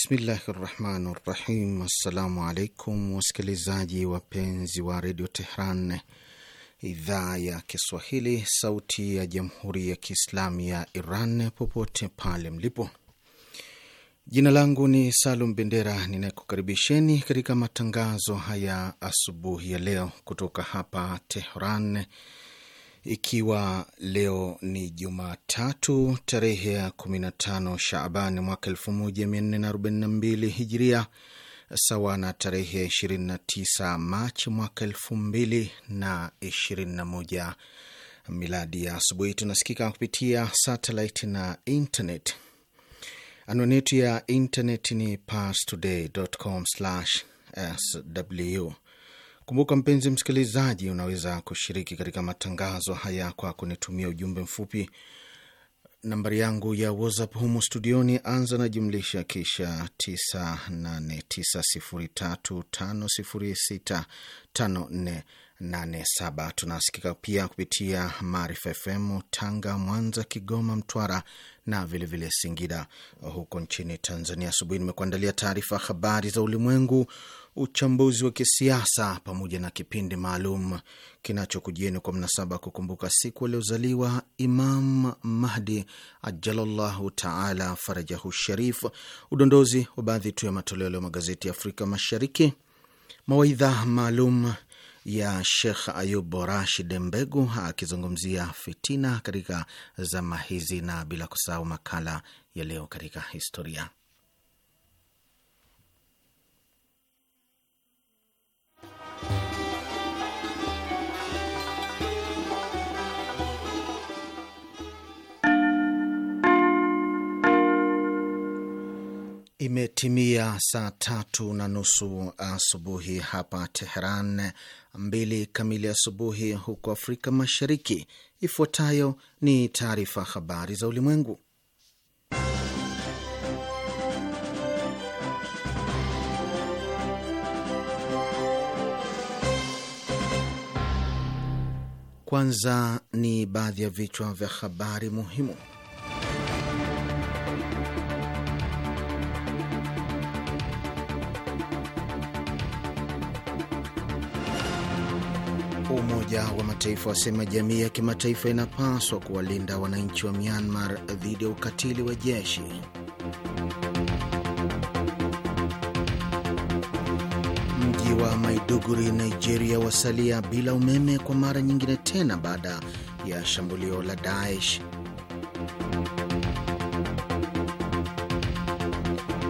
Bismillahi rahmani rahim. Assalamu alaikum wasikilizaji wapenzi wa redio Tehran, idhaa ya Kiswahili, sauti ya jamhuri ya kiislamu ya Iran, popote pale mlipo. Jina langu ni Salum Bendera ninayekukaribisheni katika matangazo haya asubuhi ya leo kutoka hapa Tehran, ikiwa leo ni Jumatatu tarehe ya 15 shaban mwaka 1442 Hijria, sawa na tarehe 29 Machi mwaka 2021 Miladi. Ya asubuhi tunasikika kupitia satellite na internet. Anwani yetu ya internet ni parstoday.com/sw Kumbuka mpenzi msikilizaji, unaweza kushiriki katika matangazo haya kwa kunitumia ujumbe mfupi. Nambari yangu ya WhatsApp humu studioni, anza na jumlisha kisha 989035065487. Tunasikika pia kupitia Maarifa FM Tanga, Mwanza, Kigoma, Mtwara na vilevile vile Singida huko nchini Tanzania. Asubuhi nimekuandalia taarifa habari za ulimwengu uchambuzi wa kisiasa pamoja na kipindi maalum kinachokujieni kwa mnasaba kukumbuka siku aliozaliwa Imam Mahdi ajalallahu taala farajahu sharif, udondozi wa baadhi tu ya matoleo ya magazeti ya Afrika Mashariki, mawaidha maalum ya Shekh Ayub Rashid Mbegu akizungumzia fitina katika zama hizi, na bila kusahau makala ya leo katika historia. Imetimia saa tatu na nusu asubuhi hapa Teheran, mbili kamili asubuhi huko Afrika Mashariki. Ifuatayo ni taarifa habari za ulimwengu, kwanza ni baadhi ya vichwa vya habari muhimu. Umoja wa Mataifa wasema jamii ya kimataifa inapaswa kuwalinda wananchi wa Myanmar dhidi ya ukatili wa jeshi. Mji wa Maiduguri, Nigeria, wasalia bila umeme kwa mara nyingine tena baada ya shambulio la Daesh.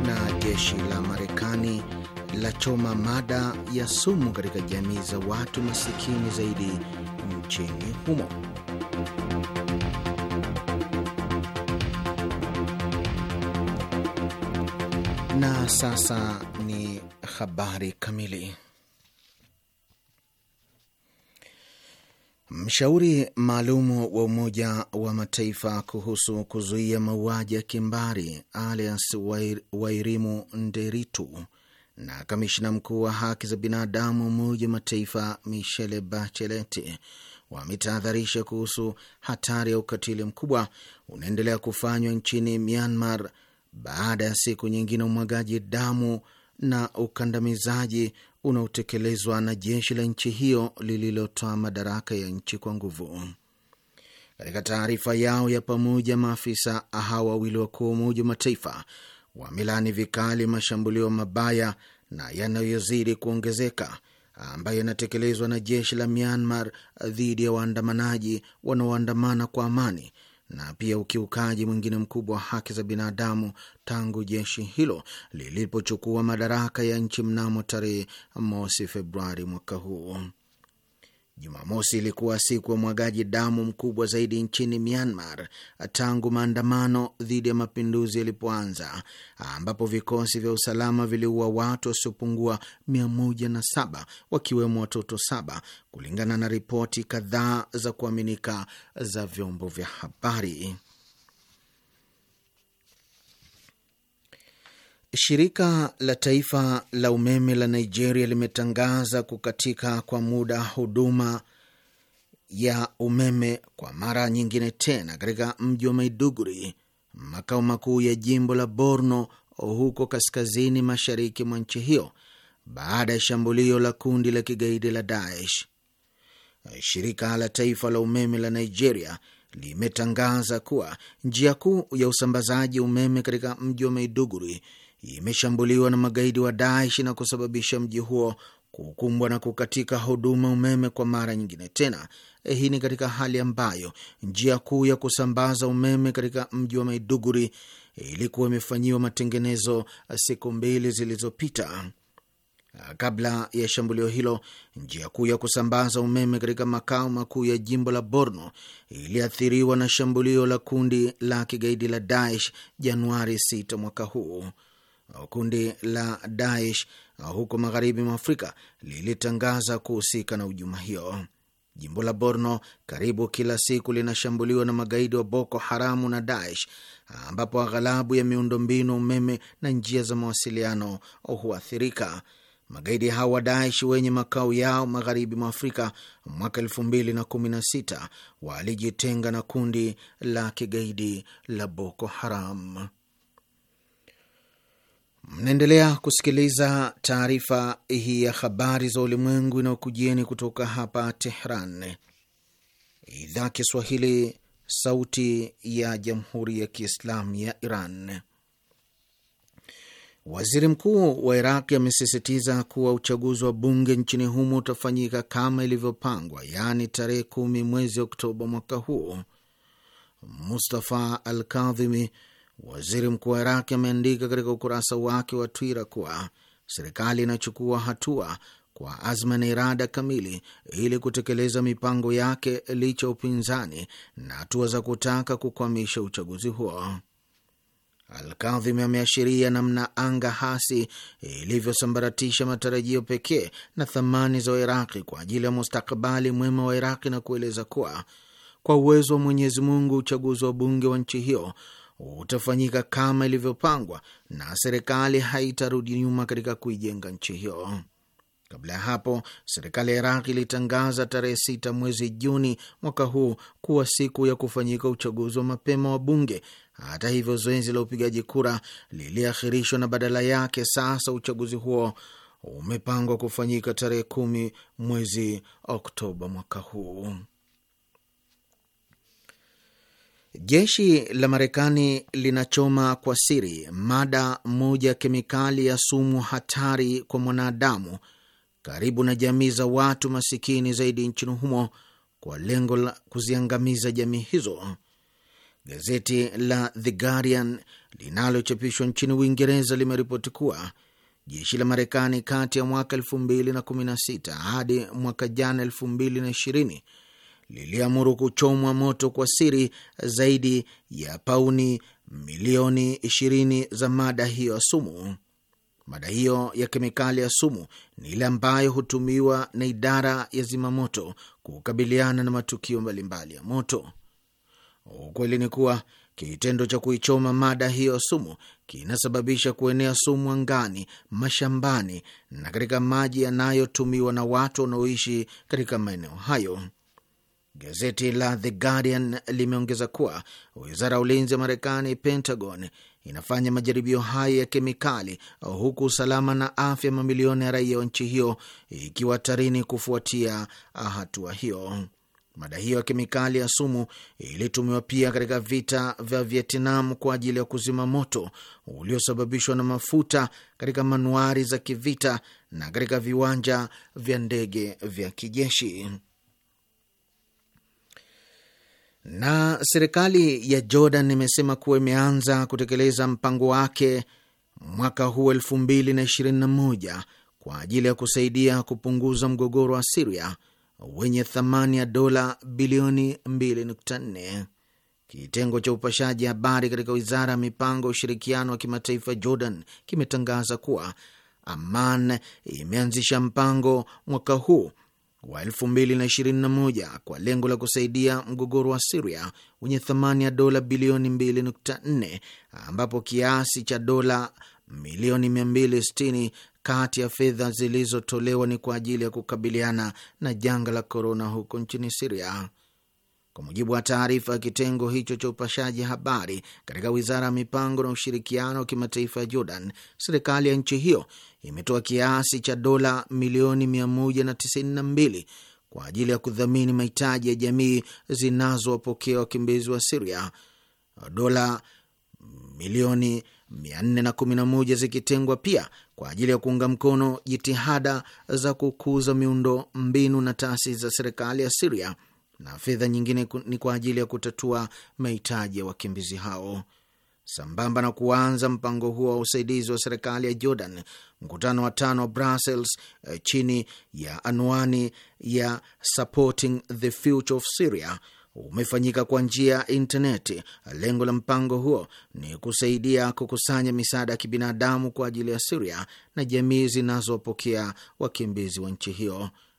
Na jeshi la Marekani la choma mada ya sumu katika jamii za watu masikini zaidi nchini humo. Na sasa ni habari kamili. Mshauri maalum wa Umoja wa Mataifa kuhusu kuzuia mauaji ya kimbari Alias Wairimu Nderitu na kamishna mkuu wa haki za binadamu Umoja wa Mataifa Michele Bachelet wametahadharisha kuhusu hatari ya ukatili mkubwa unaendelea kufanywa nchini Myanmar baada ya siku nyingine umwagaji damu na ukandamizaji unaotekelezwa na jeshi la nchi hiyo lililotoa madaraka ya nchi kwa nguvu. Katika taarifa yao ya pamoja, maafisa hawa wawili wakuu wa Umoja wa Mataifa wamelaani vikali mashambulio mabaya na yanayozidi kuongezeka ambayo yanatekelezwa na jeshi la Myanmar dhidi ya waandamanaji wanaoandamana kwa amani na pia ukiukaji mwingine mkubwa wa haki za binadamu tangu jeshi hilo lilipochukua madaraka ya nchi mnamo tarehe mosi Februari mwaka huu. Jumamosi ilikuwa siku ya mwagaji damu mkubwa zaidi nchini Myanmar tangu maandamano dhidi ya mapinduzi yalipoanza, ambapo vikosi vya usalama viliua watu wasiopungua 107 wakiwemo watoto saba, kulingana na ripoti kadhaa za kuaminika za vyombo vya habari. Shirika la taifa la umeme la Nigeria limetangaza kukatika kwa muda huduma ya umeme kwa mara nyingine tena katika mji wa Maiduguri, makao makuu ya jimbo la Borno huko kaskazini mashariki mwa nchi hiyo baada ya shambulio la kundi la kigaidi la Daesh. Shirika la taifa la umeme la Nigeria limetangaza kuwa njia kuu ya usambazaji umeme katika mji wa Maiduguri imeshambuliwa na magaidi wa Daesh na kusababisha mji huo kukumbwa na kukatika huduma umeme kwa mara nyingine tena. Eh, hii ni katika hali ambayo njia kuu ya kusambaza umeme katika mji wa Maiduguri eh, ilikuwa imefanyiwa matengenezo eh, siku mbili zilizopita. Kabla ya shambulio hilo, njia kuu ya kusambaza umeme katika makao makuu ya jimbo la Borno iliathiriwa na shambulio la kundi la kigaidi la Daesh Januari 6 mwaka huu kundi la Daesh huko magharibi mwa Afrika lilitangaza kuhusika na hujuma hiyo. Jimbo la Borno karibu kila siku linashambuliwa na magaidi wa Boko Haramu na Daesh, ambapo aghalabu ya miundombinu, umeme na njia za mawasiliano huathirika. Magaidi hao wa Daesh wenye makao yao magharibi mwa Afrika mwaka elfu mbili na kumi na sita walijitenga na kundi la kigaidi la Boko Haram. Mnaendelea kusikiliza taarifa hii ya habari za ulimwengu inayokujieni kutoka hapa Tehran, idhaa Kiswahili, sauti ya jamhuri ya kiislamu ya Iran. Waziri mkuu wa Iraqi amesisitiza kuwa uchaguzi wa bunge nchini humo utafanyika kama ilivyopangwa, yaani tarehe kumi mwezi Oktoba mwaka huu. Mustafa Alkadhimi, Waziri mkuu wa Iraq ameandika katika ukurasa wake wa Twitter kuwa serikali inachukua hatua kwa azma na irada kamili ili kutekeleza mipango yake licha ya upinzani na hatua za kutaka kukwamisha uchaguzi huo. Alkadhim ameashiria namna anga hasi ilivyosambaratisha matarajio pekee na thamani za Wairaqi kwa ajili ya mustakabali mwema wa Iraqi na kueleza kuwa kwa uwezo wa Mwenyezi Mungu, uchaguzi wa bunge wa nchi hiyo utafanyika kama ilivyopangwa na serikali haitarudi nyuma katika kuijenga nchi hiyo. Kabla ya hapo, serikali ya Iraq ilitangaza tarehe sita mwezi Juni mwaka huu kuwa siku ya kufanyika uchaguzi wa mapema wa bunge. Hata hivyo, zoezi la upigaji kura liliahirishwa na badala yake sasa uchaguzi huo umepangwa kufanyika tarehe kumi mwezi Oktoba mwaka huu. Jeshi la Marekani linachoma kwa siri mada moja ya kemikali ya sumu hatari kwa mwanadamu karibu na jamii za watu masikini zaidi nchini humo kwa lengo la kuziangamiza jamii hizo. Gazeti la The Guardian linalochapishwa nchini Uingereza limeripoti kuwa jeshi la Marekani kati ya mwaka 2016 hadi mwaka jana 2020 liliamuru kuchomwa moto kwa siri zaidi ya pauni milioni 20 za mada hiyo ya sumu. Mada hiyo ya kemikali ya sumu ni ile ambayo hutumiwa na idara ya zimamoto kukabiliana na matukio mbalimbali ya moto. Ukweli ni kuwa kitendo cha kuichoma mada hiyo ya sumu kinasababisha kuenea sumu angani, mashambani na katika maji yanayotumiwa na watu wanaoishi katika maeneo hayo. Gazeti la The Guardian limeongeza kuwa wizara ya ulinzi ya Marekani, Pentagon, inafanya majaribio hayo ya kemikali huku usalama na afya mamilioni ya raia wa nchi hiyo ikiwa hatarini kufuatia hatua hiyo. Mada hiyo ya kemikali ya sumu ilitumiwa pia katika vita vya Vietnam kwa ajili ya kuzima moto uliosababishwa na mafuta katika manuari za kivita na katika viwanja vya ndege vya kijeshi. Na serikali ya Jordan imesema kuwa imeanza kutekeleza mpango wake mwaka huu elfu mbili na ishirini na moja kwa ajili ya kusaidia kupunguza mgogoro wa Siria wenye thamani ya dola bilioni 2.4. Kitengo cha upashaji habari katika wizara ya mipango ya ushirikiano wa kimataifa Jordan kimetangaza kuwa aman imeanzisha mpango mwaka huu wa 2021 kwa lengo la kusaidia mgogoro wa Siria wenye thamani ya dola bilioni 2.4 ambapo kiasi cha dola milioni 260 kati ya fedha zilizotolewa ni kwa ajili ya kukabiliana na janga la korona huko nchini Siria. Kwa mujibu wa taarifa ya kitengo hicho cha upashaji habari katika wizara ya mipango na ushirikiano wa kimataifa ya Jordan, serikali ya nchi hiyo imetoa kiasi cha dola milioni 192 kwa ajili ya kudhamini mahitaji ya jamii zinazowapokea wakimbizi wa Siria, dola milioni 411 zikitengwa pia kwa ajili ya kuunga mkono jitihada za kukuza miundo mbinu na taasisi za serikali ya Siria na fedha nyingine ni kwa ajili ya kutatua mahitaji ya wakimbizi hao. Sambamba na kuanza mpango huo wa usaidizi wa serikali ya Jordan, mkutano wa tano wa Brussels eh, chini ya anwani ya Supporting the Future of Syria umefanyika kwa njia ya intaneti. Lengo la mpango huo ni kusaidia kukusanya misaada ya kibinadamu kwa ajili ya Siria na jamii zinazopokea wakimbizi wa nchi hiyo.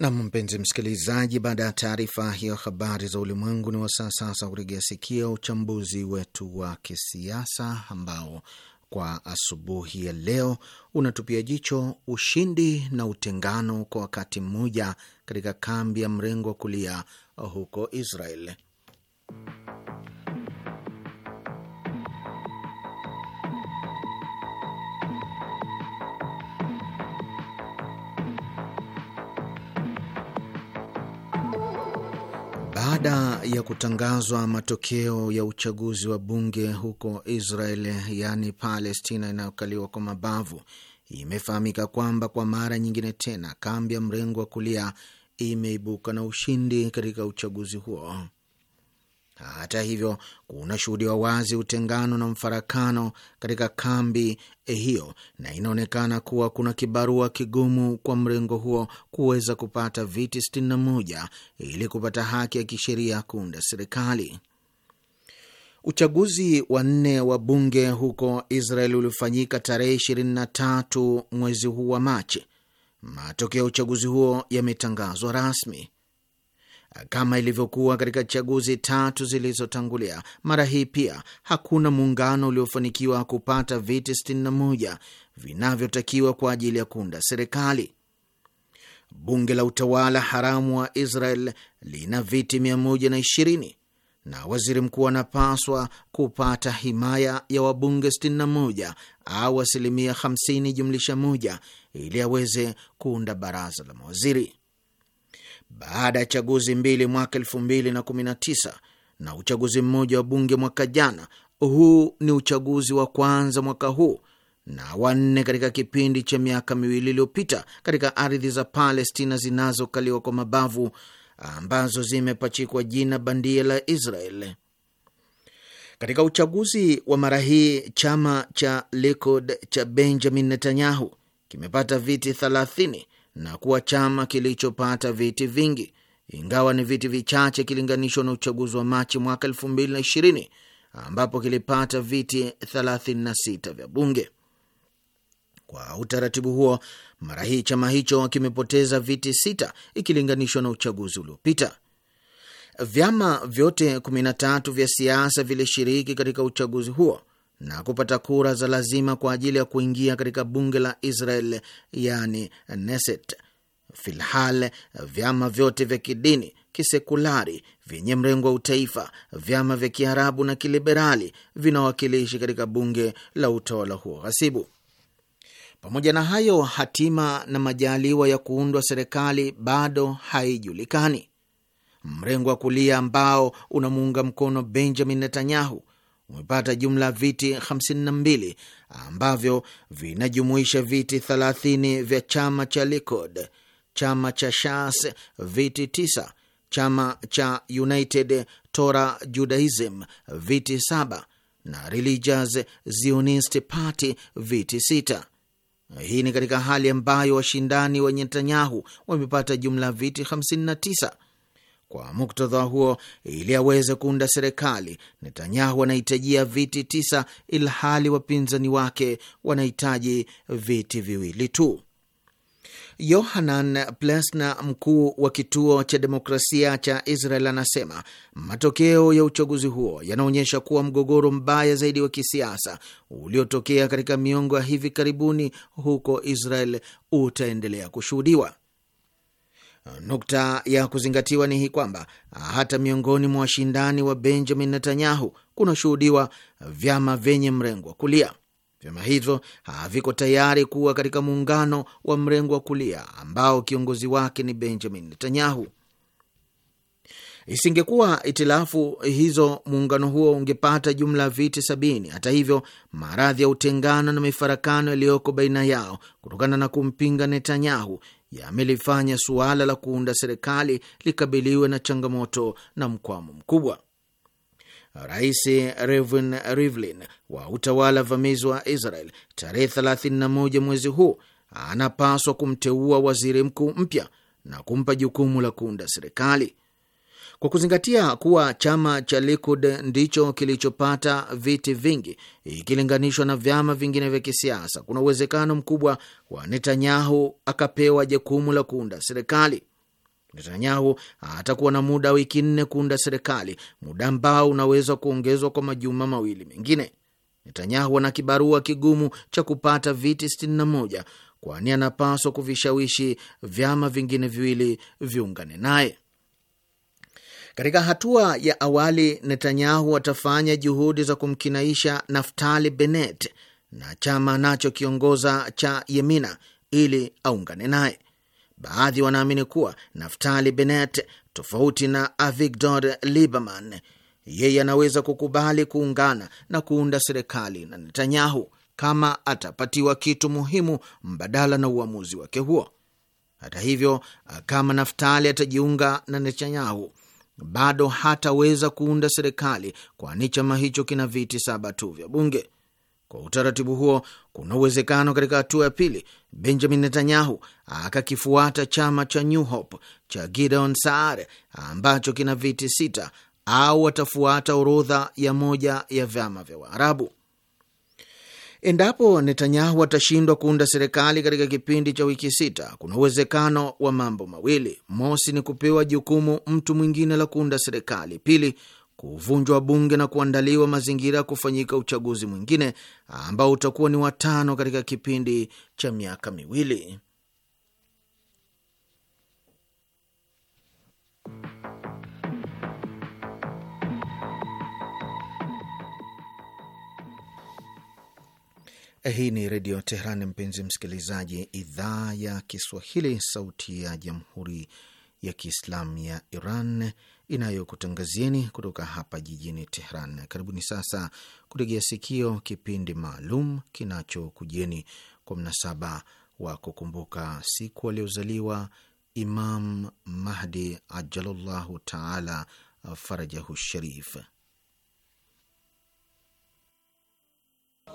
Nam, mpenzi msikilizaji, baada ya taarifa hiyo habari za ulimwengu, ni wasaa sasa kurejea sikio uchambuzi wetu wa kisiasa ambao kwa asubuhi ya leo unatupia jicho ushindi na utengano kwa wakati mmoja katika kambi ya mrengo wa kulia huko Israel. Baada ya kutangazwa matokeo ya uchaguzi wa bunge huko Israel, yaani Palestina inayokaliwa kwa mabavu, imefahamika kwamba kwa mara nyingine tena kambi ya mrengo wa kulia imeibuka na ushindi katika uchaguzi huo. Hata hivyo, kuna shuhudiwa wazi utengano na mfarakano katika kambi eh, hiyo, na inaonekana kuwa kuna kibarua kigumu kwa mrengo huo kuweza kupata viti 61 ili kupata haki ya kisheria kuunda serikali. Uchaguzi wa nne wa bunge huko Israel ulifanyika tarehe 23 mwezi huu wa Machi. Matokeo ya uchaguzi huo yametangazwa rasmi. Kama ilivyokuwa katika chaguzi tatu zilizotangulia, mara hii pia hakuna muungano uliofanikiwa kupata viti 61 vinavyotakiwa kwa ajili ya kuunda serikali. Bunge la utawala haramu wa Israel lina viti 120 na waziri mkuu anapaswa kupata himaya ya wabunge 61 au asilimia 50 jumlisha moja ili aweze kuunda baraza la mawaziri baada ya chaguzi mbili mwaka elfu mbili na kumi na tisa na uchaguzi mmoja wa bunge mwaka jana. Huu ni uchaguzi wa kwanza mwaka huu na wanne katika kipindi cha miaka miwili iliyopita katika ardhi za Palestina zinazokaliwa kwa mabavu ambazo zimepachikwa jina bandia la Israel. Katika uchaguzi wa mara hii chama cha Likud cha Benjamin Netanyahu kimepata viti thelathini na kuwa chama kilichopata viti vingi, ingawa ni viti vichache ikilinganishwa na uchaguzi wa Machi mwaka 2020 ambapo kilipata viti 36 vya bunge. Kwa utaratibu huo, mara hii chama hicho kimepoteza viti sita ikilinganishwa na uchaguzi uliopita. Vyama vyote 13 vya siasa vilishiriki katika uchaguzi huo na kupata kura za lazima kwa ajili ya kuingia katika bunge la Israel, yani Knesset. Filhal, vyama vyote vya kidini, kisekulari, vyenye mrengo wa utaifa, vyama vya kiarabu na kiliberali vinawakilishi katika bunge la utawala huo ghasibu. Pamoja na hayo, hatima na majaliwa ya kuundwa serikali bado haijulikani. Mrengo wa kulia ambao unamuunga mkono Benjamin Netanyahu umepata jumla ya viti 52 ambavyo vinajumuisha viti 30 vya chama cha Likud, chama cha Shas viti 9, chama cha United Torah Judaism viti 7 na Religious Zionist Party viti 6. Hii ni katika hali ambayo washindani wa Netanyahu wamepata jumla ya viti 59. Kwa muktadha huo, ili aweze kuunda serikali, Netanyahu anahitajia viti tisa, ilhali wapinzani wake wanahitaji viti viwili tu. Yohanan Plesna, mkuu wa kituo cha demokrasia cha Israel, anasema matokeo ya uchaguzi huo yanaonyesha kuwa mgogoro mbaya zaidi wa kisiasa uliotokea katika miongo ya hivi karibuni huko Israel utaendelea kushuhudiwa. Nukta ya kuzingatiwa ni hii kwamba ah, hata miongoni mwa washindani wa Benjamin Netanyahu kunashuhudiwa vyama vyenye mrengo wa kulia. Vyama hivyo haviko ah, tayari kuwa katika muungano wa mrengo wa kulia ambao kiongozi wake ni Benjamin Netanyahu. Isingekuwa itilafu hizo, muungano huo ungepata jumla ya viti sabini. Hata hivyo, maradhi ya utengano na mifarakano yaliyoko baina yao kutokana na kumpinga Netanyahu yamelifanya suala la kuunda serikali likabiliwe na changamoto na mkwamo mkubwa. Rais Reuven Rivlin wa utawala vamizi wa Israel tarehe 31 mwezi huu anapaswa kumteua waziri mkuu mpya na kumpa jukumu la kuunda serikali. Kwa kuzingatia kuwa chama cha Likud ndicho kilichopata viti vingi ikilinganishwa na vyama vingine vya kisiasa, kuna uwezekano mkubwa wa Netanyahu akapewa jukumu la kuunda serikali. Netanyahu atakuwa na muda wiki nne kuunda serikali, muda ambao unaweza kuongezwa kwa majuma mawili mengine. Netanyahu ana kibarua kigumu cha kupata viti 61 kwani anapaswa kuvishawishi vyama vingine viwili viungane naye. Katika hatua ya awali, Netanyahu atafanya juhudi za kumkinaisha Naftali Bennett na chama anachokiongoza cha Yemina ili aungane naye. Baadhi wanaamini kuwa Naftali Bennett, tofauti na Avigdor Lieberman, yeye anaweza kukubali kuungana na kuunda serikali na Netanyahu kama atapatiwa kitu muhimu mbadala na uamuzi wake huo. Hata hivyo, kama Naftali atajiunga na Netanyahu, bado hataweza kuunda serikali, kwani chama hicho kina viti saba tu vya bunge. Kwa utaratibu huo, kuna uwezekano katika hatua ya pili Benjamin Netanyahu akakifuata chama cha New Hope cha Gideon Saar ambacho kina viti sita, au atafuata orodha ya moja ya vyama vya Waarabu. Endapo Netanyahu atashindwa kuunda serikali katika kipindi cha wiki sita, kuna uwezekano wa mambo mawili: mosi, ni kupewa jukumu mtu mwingine la kuunda serikali; pili, kuvunjwa bunge na kuandaliwa mazingira ya kufanyika uchaguzi mwingine ambao utakuwa ni watano katika kipindi cha miaka miwili. Eh, hii ni Redio Teheran, mpenzi msikilizaji, idhaa ya Kiswahili, sauti ya Jamhuri ya Kiislamu ya Iran inayokutangazieni kutoka hapa jijini Teheran. Karibuni sasa kutegea sikio kipindi maalum kinachokujieni kwa mnasaba wa kukumbuka siku aliozaliwa Imam Mahdi ajalallahu taala farajahu sharif.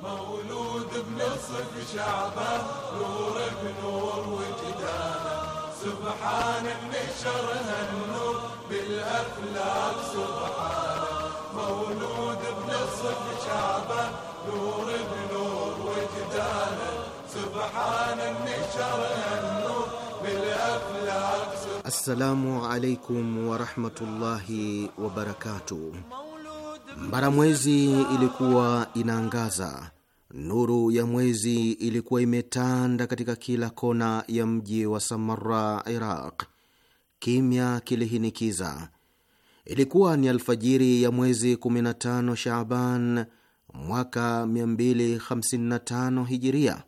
مولود بنصف شعبه نور بنور وجدانه سبحان من شرها النور بالافلاك سبحانه مولود بنصف شعبه نور بنور وجدانه سبحان من شرها النور بالافلاك السلام عليكم ورحمه الله وبركاته mwezi ilikuwa inaangaza, nuru ya mwezi ilikuwa imetanda katika kila kona ya mji wa Samara, Iraq. Kimya kilihinikiza. Ilikuwa ni alfajiri ya mwezi 15 Shaaban mwaka 255 Hijiria.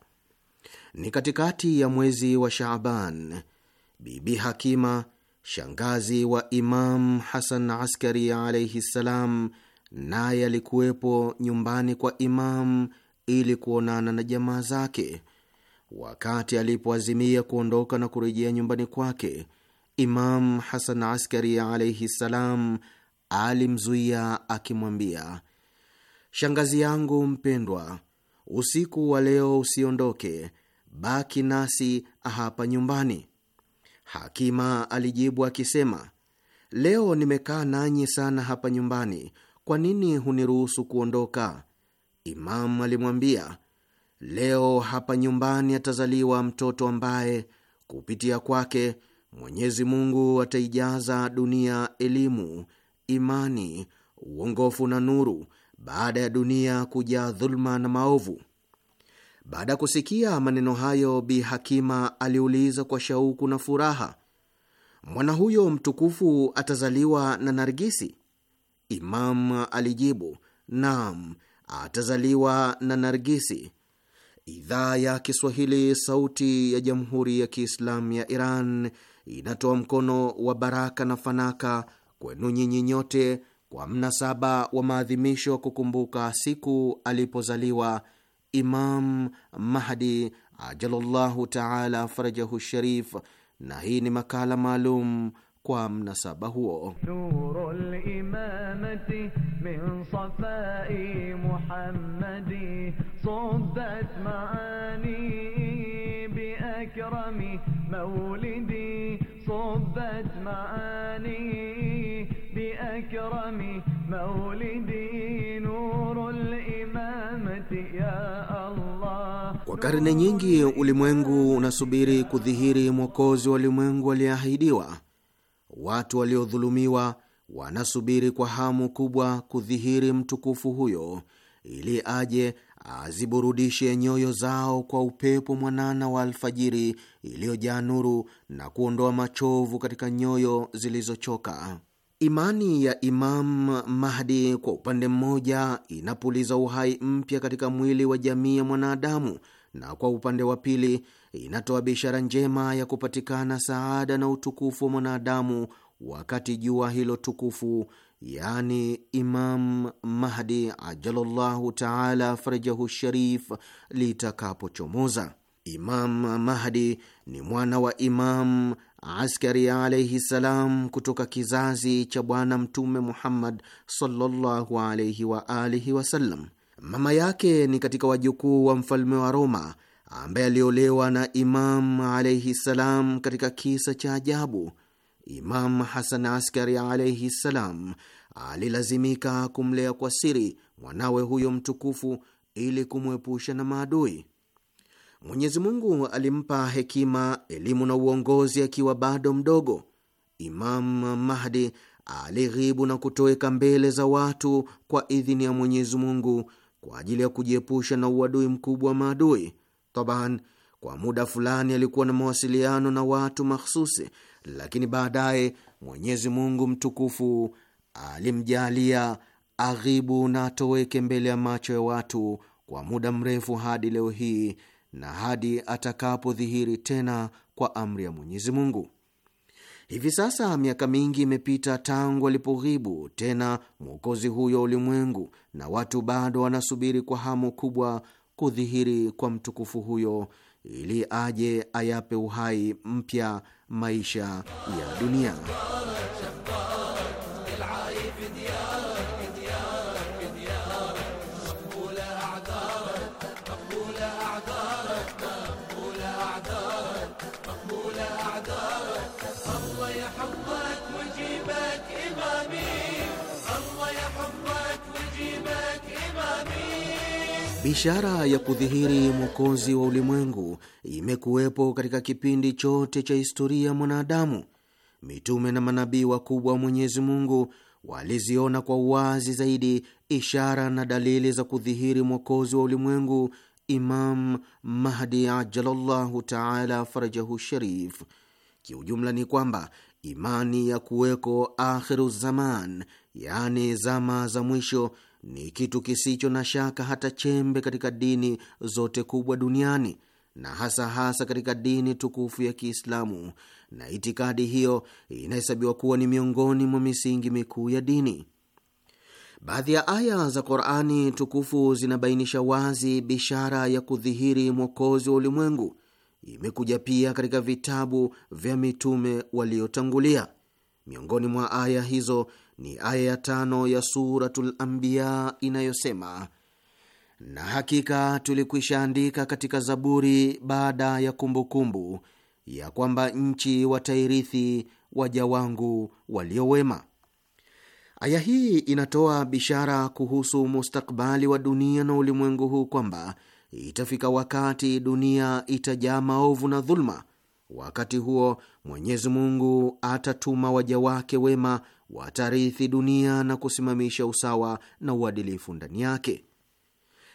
Ni katikati ya mwezi wa Shaaban, Bibi Hakima, shangazi wa Imam Hasan Askari alaihi ssalam naye alikuwepo nyumbani kwa Imamu ili kuonana na jamaa zake. Wakati alipoazimia kuondoka na kurejea nyumbani kwake, Imamu Hasan Askari alaihi ssalam alimzuia akimwambia, shangazi yangu mpendwa, usiku wa leo usiondoke, baki nasi hapa nyumbani. Hakima alijibu akisema, leo nimekaa nanyi sana hapa nyumbani kwa nini huniruhusu kuondoka? imam alimwambia, leo hapa nyumbani atazaliwa mtoto ambaye kupitia kwake Mwenyezi Mungu ataijaza dunia elimu, imani, uongofu na nuru, baada ya dunia kujaa dhuluma na maovu. Baada ya kusikia maneno hayo, Bi Hakima aliuliza kwa shauku na furaha, mwana huyo mtukufu atazaliwa na Nargisi? Imam alijibu, naam, atazaliwa na Nargisi. Idhaa ya Kiswahili, Sauti ya Jamhuri ya Kiislamu ya Iran inatoa mkono wa baraka na fanaka kwenu nyinyi nyote kwa mnasaba wa maadhimisho kukumbuka siku alipozaliwa Imam Mahdi ajalallahu taala farajahu sharif, na hii ni makala maalum kwa mnasaba huo. Kwa karne nyingi ulimwengu unasubiri kudhihiri mwokozi wa ulimwengu aliyeahidiwa watu waliodhulumiwa wanasubiri kwa hamu kubwa kudhihiri mtukufu huyo ili aje aziburudishe nyoyo zao kwa upepo mwanana wa alfajiri iliyojaa nuru na kuondoa machovu katika nyoyo zilizochoka. Imani ya Imam Mahdi kwa upande mmoja inapuliza uhai mpya katika mwili wa jamii ya mwanadamu, na kwa upande wa pili inatoa bishara njema ya kupatikana saada na utukufu wa mwanadamu wakati jua hilo tukufu, yani Imam Mahdi ajalallahu taala farajahu sharif litakapochomoza. Imam Mahdi ni mwana wa Imam Askari alaihi salam, kutoka kizazi cha Bwana Mtume Muhammad sallallahu alaihi waalihi wasallam. Mama yake ni katika wajukuu wa mfalme wa Roma ambaye aliolewa na Imam alaihi ssalam katika kisa cha ajabu. Imam Hasan Askari alaihi ssalam alilazimika kumlea kwa siri mwanawe huyo mtukufu ili kumwepusha na maadui. Mwenyezi Mungu alimpa hekima, elimu na uongozi akiwa bado mdogo. Imam Mahdi alighibu na kutoweka mbele za watu kwa idhini ya Mwenyezi Mungu kwa ajili ya kujiepusha na uadui mkubwa wa maadui. Taban kwa muda fulani alikuwa na mawasiliano na watu mahsusi, lakini baadaye Mwenyezi Mungu mtukufu alimjalia aghibu na atoweke mbele ya macho ya watu kwa muda mrefu hadi leo hii na hadi atakapodhihiri tena kwa amri ya Mwenyezi Mungu. Hivi sasa miaka mingi imepita tangu alipoghibu tena mwokozi huyo ulimwengu, na watu bado wanasubiri kwa hamu kubwa kudhihiri kwa mtukufu huyo ili aje ayape uhai mpya maisha ya dunia. Ishara ya kudhihiri mwokozi wa ulimwengu imekuwepo katika kipindi chote cha historia ya mwanadamu. Mitume na manabii wakubwa wa Mwenyezi Mungu waliziona kwa uwazi zaidi ishara na dalili za kudhihiri mwokozi wa ulimwengu, Imam Mahdi ajalallahu taala farajahu sharif. Kiujumla ni kwamba imani ya kuweko akhiru zaman, yaani zama za mwisho ni kitu kisicho na shaka hata chembe katika dini zote kubwa duniani na hasa hasa katika dini tukufu ya Kiislamu, na itikadi hiyo inahesabiwa kuwa ni miongoni mwa misingi mikuu ya dini. Baadhi ya aya za Qurani tukufu zinabainisha wazi bishara ya kudhihiri mwokozi wa ulimwengu. Imekuja pia katika vitabu vya mitume waliotangulia. Miongoni mwa aya hizo ni aya ya tano ya Suratul Anbiya inayosema, na hakika tulikwisha andika katika Zaburi baada ya kumbukumbu kumbu, ya kwamba nchi watairithi waja wangu waliowema. Aya hii inatoa bishara kuhusu mustakbali wa dunia na ulimwengu huu kwamba itafika wakati dunia itajaa maovu na dhuluma Wakati huo Mwenyezi Mungu atatuma waja wake wema watarithi dunia na kusimamisha usawa na uadilifu ndani yake.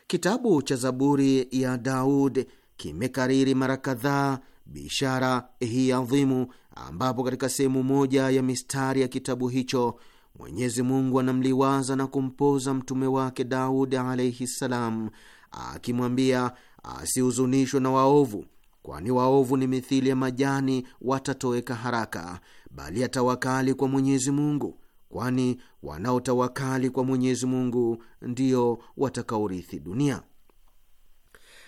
Kitabu cha Zaburi ya Daud kimekariri mara kadhaa bishara hii adhimu, ambapo katika sehemu moja ya mistari ya kitabu hicho Mwenyezi Mungu anamliwaza na kumpoza mtume wake Daudi alaihi ssalam, akimwambia asihuzunishwe na waovu kwani waovu ni mithili ya majani, watatoweka haraka, bali atawakali kwa Mwenyezi Mungu, kwani wanaotawakali kwa Mwenyezi Mungu ndio watakaorithi dunia.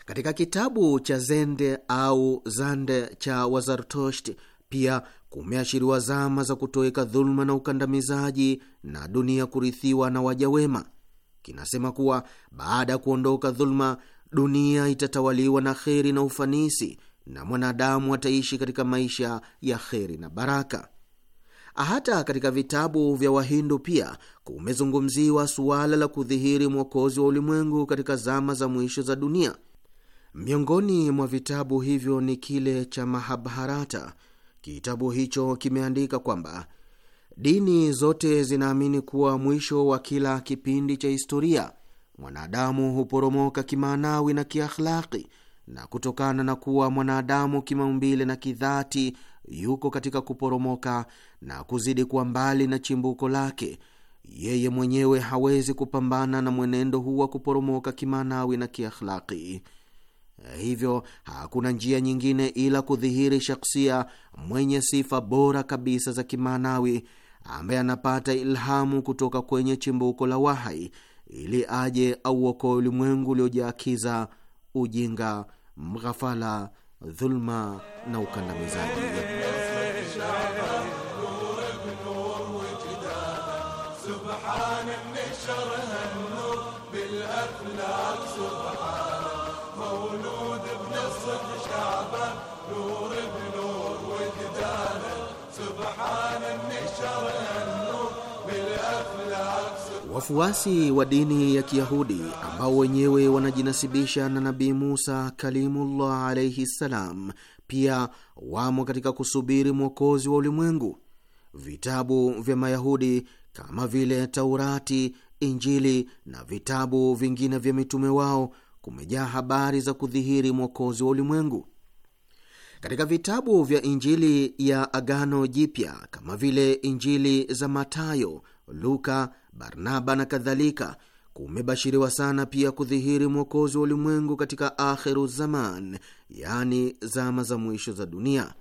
Katika kitabu cha Zende au Zande cha Wazartosht pia kumeashiriwa zama za kutoweka dhuluma na ukandamizaji na dunia kurithiwa na waja wema. Kinasema kuwa baada ya kuondoka dhuluma, dunia itatawaliwa na kheri na ufanisi na mwanadamu ataishi katika maisha ya kheri na baraka. Hata katika vitabu vya Wahindu pia kumezungumziwa suala la kudhihiri mwokozi wa ulimwengu katika zama za mwisho za dunia. Miongoni mwa vitabu hivyo ni kile cha Mahabharata. Kitabu hicho kimeandika kwamba dini zote zinaamini kuwa mwisho wa kila kipindi cha historia mwanadamu huporomoka kimaanawi na kiakhlaki na kutokana na kuwa mwanadamu kimaumbile na kidhati yuko katika kuporomoka na kuzidi kuwa mbali na chimbuko lake, yeye mwenyewe hawezi kupambana na mwenendo huu wa kuporomoka kimaanawi na kiakhlaki. Hivyo hakuna njia nyingine ila kudhihiri shaksia mwenye sifa bora kabisa za kimaanawi ambaye anapata ilhamu kutoka kwenye chimbuko la wahai ili aje auokoe ulimwengu uliojaakiza ujinga, mghafala, dhulma na ukandamizaji. Wafuasi wa dini ya Kiyahudi ambao wenyewe wanajinasibisha na Nabii Musa Kalimullah alaihi ssalam, pia wamo katika kusubiri mwokozi wa ulimwengu. Vitabu vya Mayahudi kama vile Taurati, Injili na vitabu vingine vya mitume wao kumejaa habari za kudhihiri mwokozi wa ulimwengu. Katika vitabu vya Injili ya Agano Jipya kama vile Injili za Matayo, Luka Barnaba na kadhalika, kumebashiriwa sana pia kudhihiri mwokozi wa ulimwengu katika akhiru zaman, yani zama za mwisho za dunia.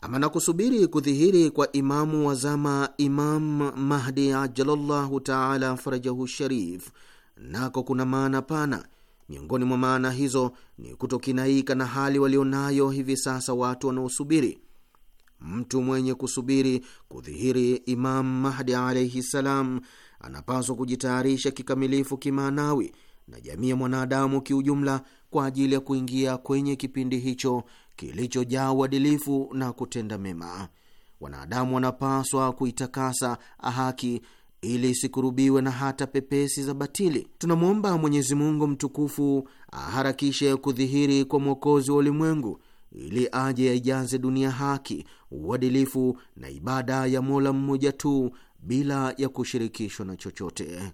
Ama na kusubiri kudhihiri kwa imamu wa zama, Imam Mahdi ajalallahu taala farajahu sharif, nako kuna maana pana. Miongoni mwa maana hizo ni kutokinaika na hali walionayo hivi sasa watu wanaosubiri Mtu mwenye kusubiri kudhihiri Imam Mahdi alaihi ssalam anapaswa kujitayarisha kikamilifu kimaanawi na jamii ya mwanadamu kiujumla kwa ajili ya kuingia kwenye kipindi hicho kilichojaa uadilifu na kutenda mema. Wanadamu wanapaswa kuitakasa haki ili isikurubiwe na hata pepesi za batili. Tunamwomba Mwenyezi Mungu mtukufu aharakishe kudhihiri kwa mwokozi wa ulimwengu ili aje yaijaze dunia haki, uadilifu na ibada ya Mola mmoja tu bila ya kushirikishwa na chochote.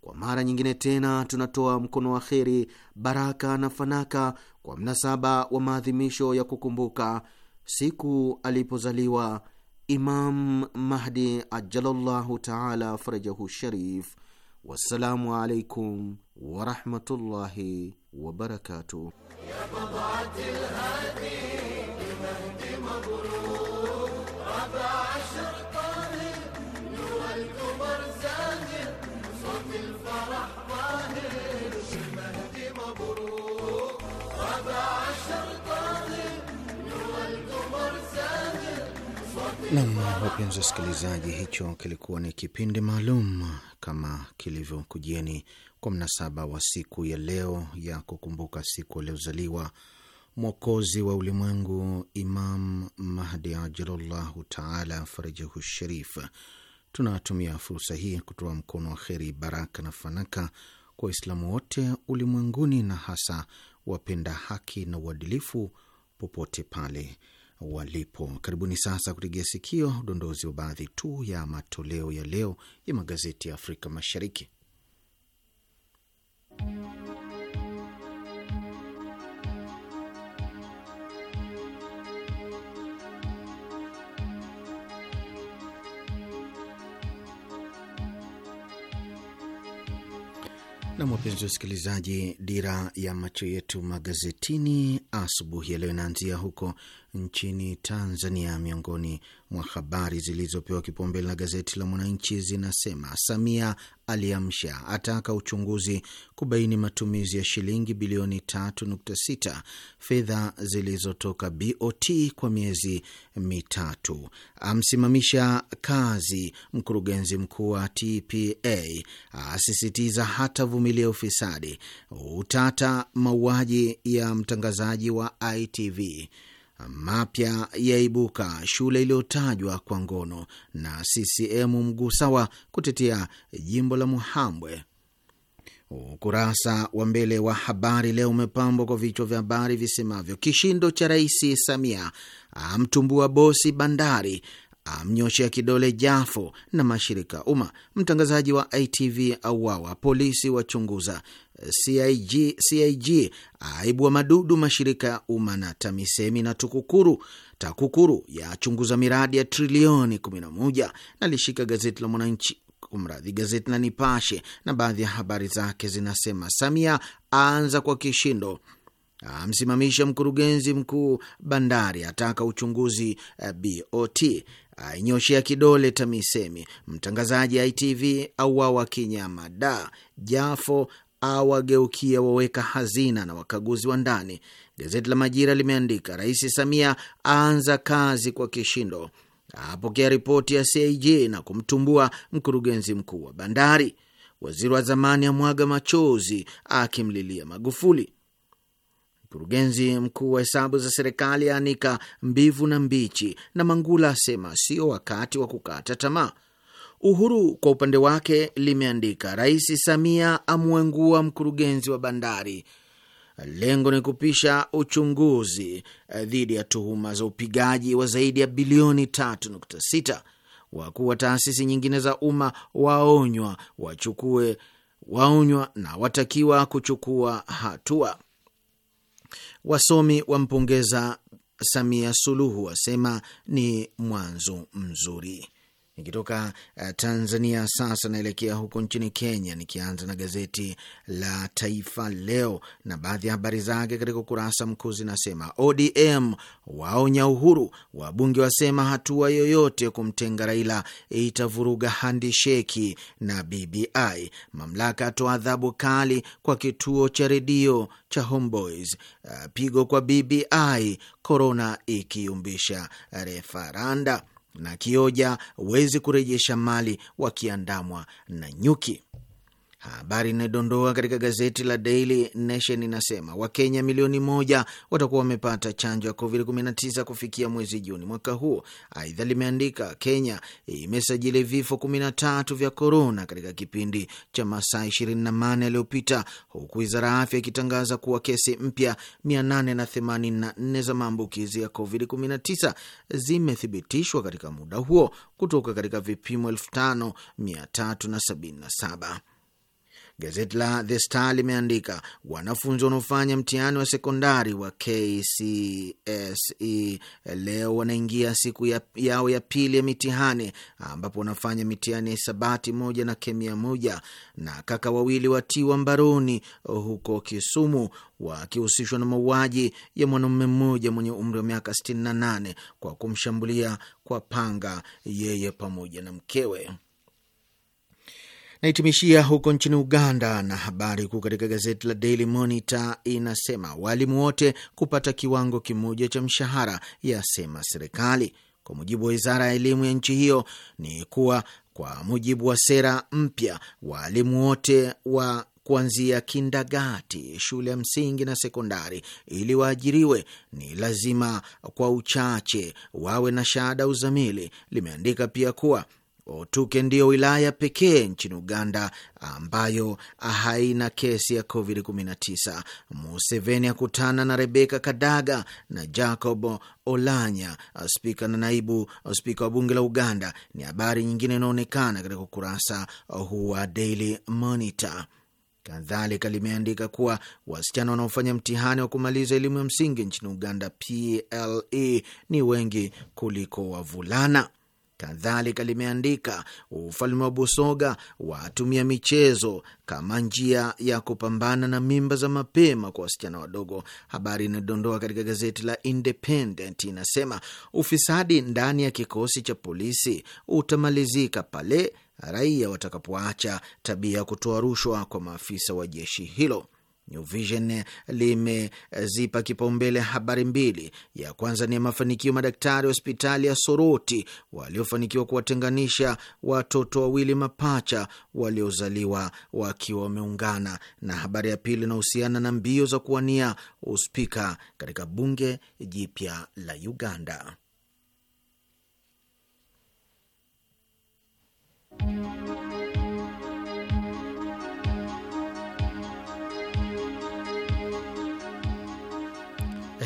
Kwa mara nyingine tena tunatoa mkono wa kheri, baraka na fanaka kwa mnasaba wa maadhimisho ya kukumbuka siku alipozaliwa Imam Mahdi ajalallahu taala farajahu sharif. Wassalamu alaikum warahmatullahi wabarakatuh. Nam, wapenzi wasikilizaji, hicho kilikuwa ni kipindi maalum kama kilivyokujieni kwa mnasaba wa siku ya leo ya kukumbuka siku aliozaliwa mwokozi wa ulimwengu Imam Mahdi ajjallahu taala farajahu sharif. Tunatumia fursa hii kutoa mkono wa kheri, baraka na fanaka kwa Waislamu wote ulimwenguni na hasa wapenda haki na uadilifu popote pale walipo. Karibuni sasa kutegea sikio udondozi wa baadhi tu ya matoleo ya leo ya magazeti ya Afrika Mashariki na wapenzi usikilizaji dira ya macho yetu magazetini asubuhi ya leo inaanzia huko nchini Tanzania. Miongoni mwa habari zilizopewa kipaumbele na gazeti la Mwananchi zinasema Samia aliamsha, ataka uchunguzi kubaini matumizi ya shilingi bilioni 3.6 fedha zilizotoka BOT kwa miezi mitatu, amsimamisha kazi mkurugenzi mkuu wa TPA, asisitiza hata vumilia ufisadi, utata mauaji ya mtangazaji wa ITV mapya yaibuka, shule iliyotajwa kwa ngono, na CCM sawa kutetea jimbo la Muhambwe. Ukurasa wa mbele wa Habari Leo umepambwa kwa vichwa vya habari visemavyo: kishindo cha Rais Samia, amtumbua bosi bandari, amnyoshea kidole Jafo na mashirika ya umma, mtangazaji wa ITV auawa, polisi wachunguza, CIG, CIG aibua madudu mashirika ya umma na TAMISEMI na TUKUKURU. TAKUKURU yachunguza miradi ya trilioni 11. Nalishika gazeti la Mwananchi, kumradhi, gazeti la Nipashe na baadhi ya habari zake zinasema: Samia aanza kwa kishindo, amsimamisha mkurugenzi mkuu bandari, ataka uchunguzi eh, BOT, ainyoshea kidole TAMISEMI, mtangazaji ITV auawa kinyama, da Jafo awageukia waweka hazina na wakaguzi wa ndani. Gazeti la Majira limeandika Rais Samia aanza kazi kwa kishindo, apokea ripoti ya CAG na kumtumbua mkurugenzi mkuu wa bandari. Waziri wa zamani amwaga machozi akimlilia Magufuli. Mkurugenzi mkuu wa hesabu za serikali aanika mbivu na mbichi, na Mangula asema sio wakati wa kukata tamaa. Uhuru kwa upande wake limeandika Rais Samia amwengua mkurugenzi wa bandari, lengo ni kupisha uchunguzi dhidi ya tuhuma za upigaji wa zaidi ya bilioni 3.6. Wakuu wa taasisi nyingine za umma waonywa wachukue waonywa na watakiwa kuchukua hatua. Wasomi wampongeza Samia Suluhu, wasema ni mwanzo mzuri. Nikitoka eh, Tanzania sasa naelekea huko nchini Kenya, nikianza na gazeti la Taifa Leo na baadhi ya habari zake katika ukurasa mkuu zinasema: ODM waonya Uhuru, wabunge wasema hatua yoyote kumtenga Raila itavuruga handisheki na BBI, mamlaka atoa adhabu kali kwa kituo cha redio cha Homeboys, eh, pigo kwa BBI, korona ikiumbisha refaranda na kioja wezi kurejesha mali wakiandamwa na nyuki. Habari inayodondoa katika gazeti la Daily Nation inasema Wakenya milioni moja watakuwa wamepata chanjo ya COVID-19 kufikia mwezi Juni mwaka huu. Aidha limeandika Kenya imesajili vifo 13 vya korona katika kipindi cha masaa 28 yaliyopita, huku wizara ya afya ikitangaza kuwa kesi mpya 884 za maambukizi ya COVID-19 zimethibitishwa katika muda huo kutoka katika vipimo 5377. Gazeti la The Star limeandika wanafunzi wanaofanya mtihani wa sekondari wa KCSE leo wanaingia siku ya, yao ya pili ya mitihani ambapo wanafanya mitihani ya hisabati moja na kemia moja, na kaka wawili watiwa mbaroni huko Kisumu wakihusishwa na mauaji ya mwanamume mmoja mwenye umri wa miaka 68 kwa kumshambulia kwa panga yeye pamoja na mkewe. Naitimishia huko nchini Uganda, na habari kuu katika gazeti la Daily Monitor inasema waalimu wote kupata kiwango kimoja cha mshahara, yasema serikali. Kwa mujibu wa wizara ya elimu ya nchi hiyo ni kuwa kwa mujibu wa sera mpya, waalimu wote wa kuanzia kindagati, shule ya msingi na sekondari, ili waajiriwe ni lazima kwa uchache wawe na shahada uzamili. Limeandika pia kuwa Otuke ndiyo wilaya pekee nchini Uganda ambayo haina kesi ya COVID-19. Museveni akutana na Rebeka Kadaga na Jacob Olanya, spika na naibu spika wa bunge la Uganda, ni habari nyingine inaonekana katika ukurasa huu wa Daily Monitor. Kadhalika limeandika kuwa wasichana wanaofanya mtihani wa kumaliza elimu ya msingi nchini Uganda, PLE, ni wengi kuliko wavulana. Kadhalika limeandika ufalme wa Busoga watumia michezo kama njia ya kupambana na mimba za mapema kwa wasichana wadogo. Habari inayodondoa katika gazeti la Independent inasema ufisadi ndani ya kikosi cha polisi utamalizika pale raia watakapoacha tabia ya kutoa rushwa kwa maafisa wa jeshi hilo. New Vision limezipa kipaumbele habari mbili. Ya kwanza ni ya mafanikio madaktari hospitali ya Soroti waliofanikiwa kuwatenganisha watoto wawili mapacha waliozaliwa wakiwa wameungana, na habari ya pili inahusiana na mbio za kuwania uspika katika bunge jipya la Uganda.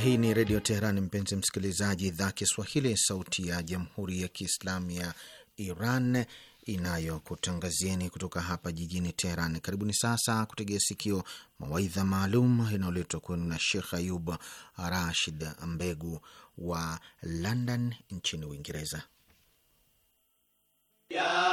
Hii ni Redio teheran mpenzi msikilizaji, idhaa Kiswahili, sauti ya Jamhuri ya Kiislamu ya Iran inayokutangazieni kutoka hapa jijini Teheran. Karibuni sasa kutegea sikio mawaidha maalum yanayoletwa kwenu na Shekh Ayub Rashid Mbegu wa London nchini Uingereza ya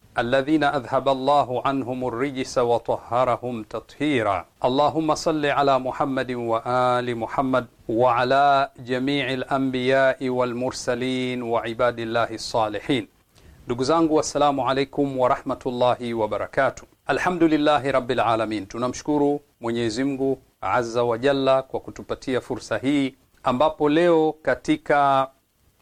الذين أذهب الله عنهم الرجس وطهرهم تطهيرا اللهم صل على محمد وآل محمد وعلى جميع الأنبياء والمرسلين وعباد الله الصالحين ndugu zangu wassalamu alaikum warahmatullahi wabarakatu alhamdulillahi rabilalamin tunamshukuru mwenyezi mungu aza wa jalla kwa kutupatia fursa hii ambapo leo katika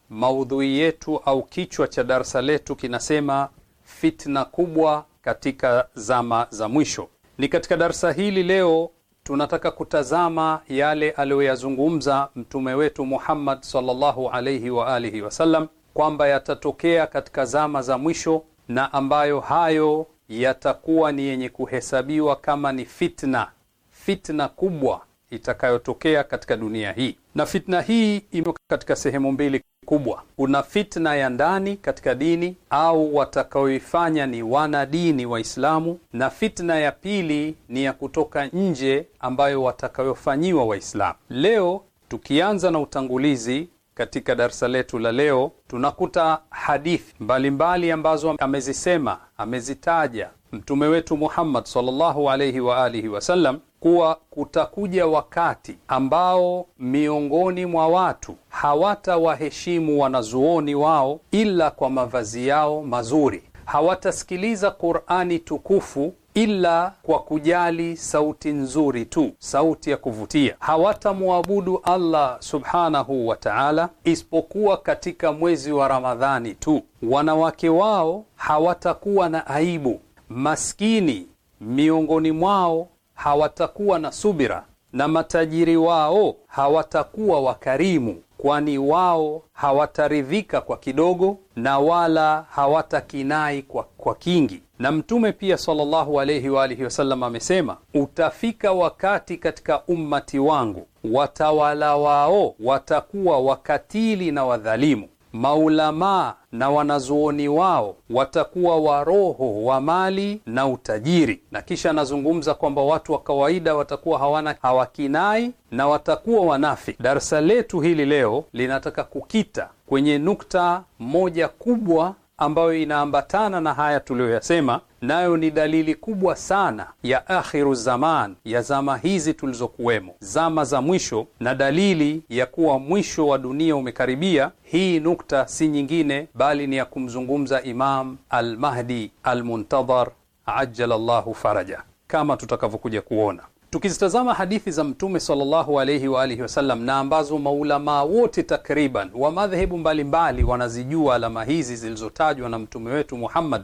maudhui yetu au kichwa cha darsa letu kinasema fitna kubwa katika zama za mwisho. Ni katika darsa hili leo tunataka kutazama yale aliyoyazungumza mtume wetu Muhammad sallallahu alayhi wa alihi wasallam kwamba yatatokea katika zama za mwisho na ambayo hayo yatakuwa ni yenye kuhesabiwa kama ni fitna, fitna kubwa itakayotokea katika dunia hii na fitna hii imo katika sehemu mbili kubwa. Kuna fitna ya ndani katika dini au watakaoifanya ni wana dini Waislamu, na fitna ya pili ni ya kutoka nje ambayo watakayofanyiwa Waislamu. Leo tukianza na utangulizi katika darsa letu la leo, tunakuta hadithi mbalimbali mbali ambazo amezisema amezitaja Mtume wetu Muhammad sallallahu alayhi wa alihi wasallam kuwa kutakuja wakati ambao miongoni mwa watu hawatawaheshimu wanazuoni wao ila kwa mavazi yao mazuri, hawatasikiliza Qur'ani tukufu ila kwa kujali sauti nzuri tu, sauti ya kuvutia. Hawatamwabudu Allah subhanahu wa ta'ala isipokuwa katika mwezi wa Ramadhani tu. Wanawake wao hawatakuwa na aibu maskini miongoni mwao hawatakuwa na subira na matajiri wao hawatakuwa wakarimu, kwani wao hawataridhika kwa kidogo na wala hawatakinai kwa, kwa kingi. Na Mtume pia sallallahu alayhi wa alihi wasallam amesema, utafika wakati katika ummati wangu watawala wao watakuwa wakatili na wadhalimu maulamaa na wanazuoni wao watakuwa waroho wa mali na utajiri. Na kisha anazungumza kwamba watu wa kawaida watakuwa hawana hawakinai na watakuwa wanafi Darsa letu hili leo linataka kukita kwenye nukta moja kubwa ambayo inaambatana na haya tuliyoyasema, nayo ni dalili kubwa sana ya akhiru zaman, ya zama hizi tulizokuwemo, zama za mwisho, na dalili ya kuwa mwisho wa dunia umekaribia. Hii nukta si nyingine bali ni ya kumzungumza Imam Almahdi Almuntadhar ajala llahu faraja, kama tutakavyokuja kuona. Tukizitazama hadithi za Mtume sallallahu alaihi wa alihi wasallam na ambazo maulamaa wote takriban wa madhehebu mbalimbali wanazijua alama hizi zilizotajwa na Mtume wetu Muhammad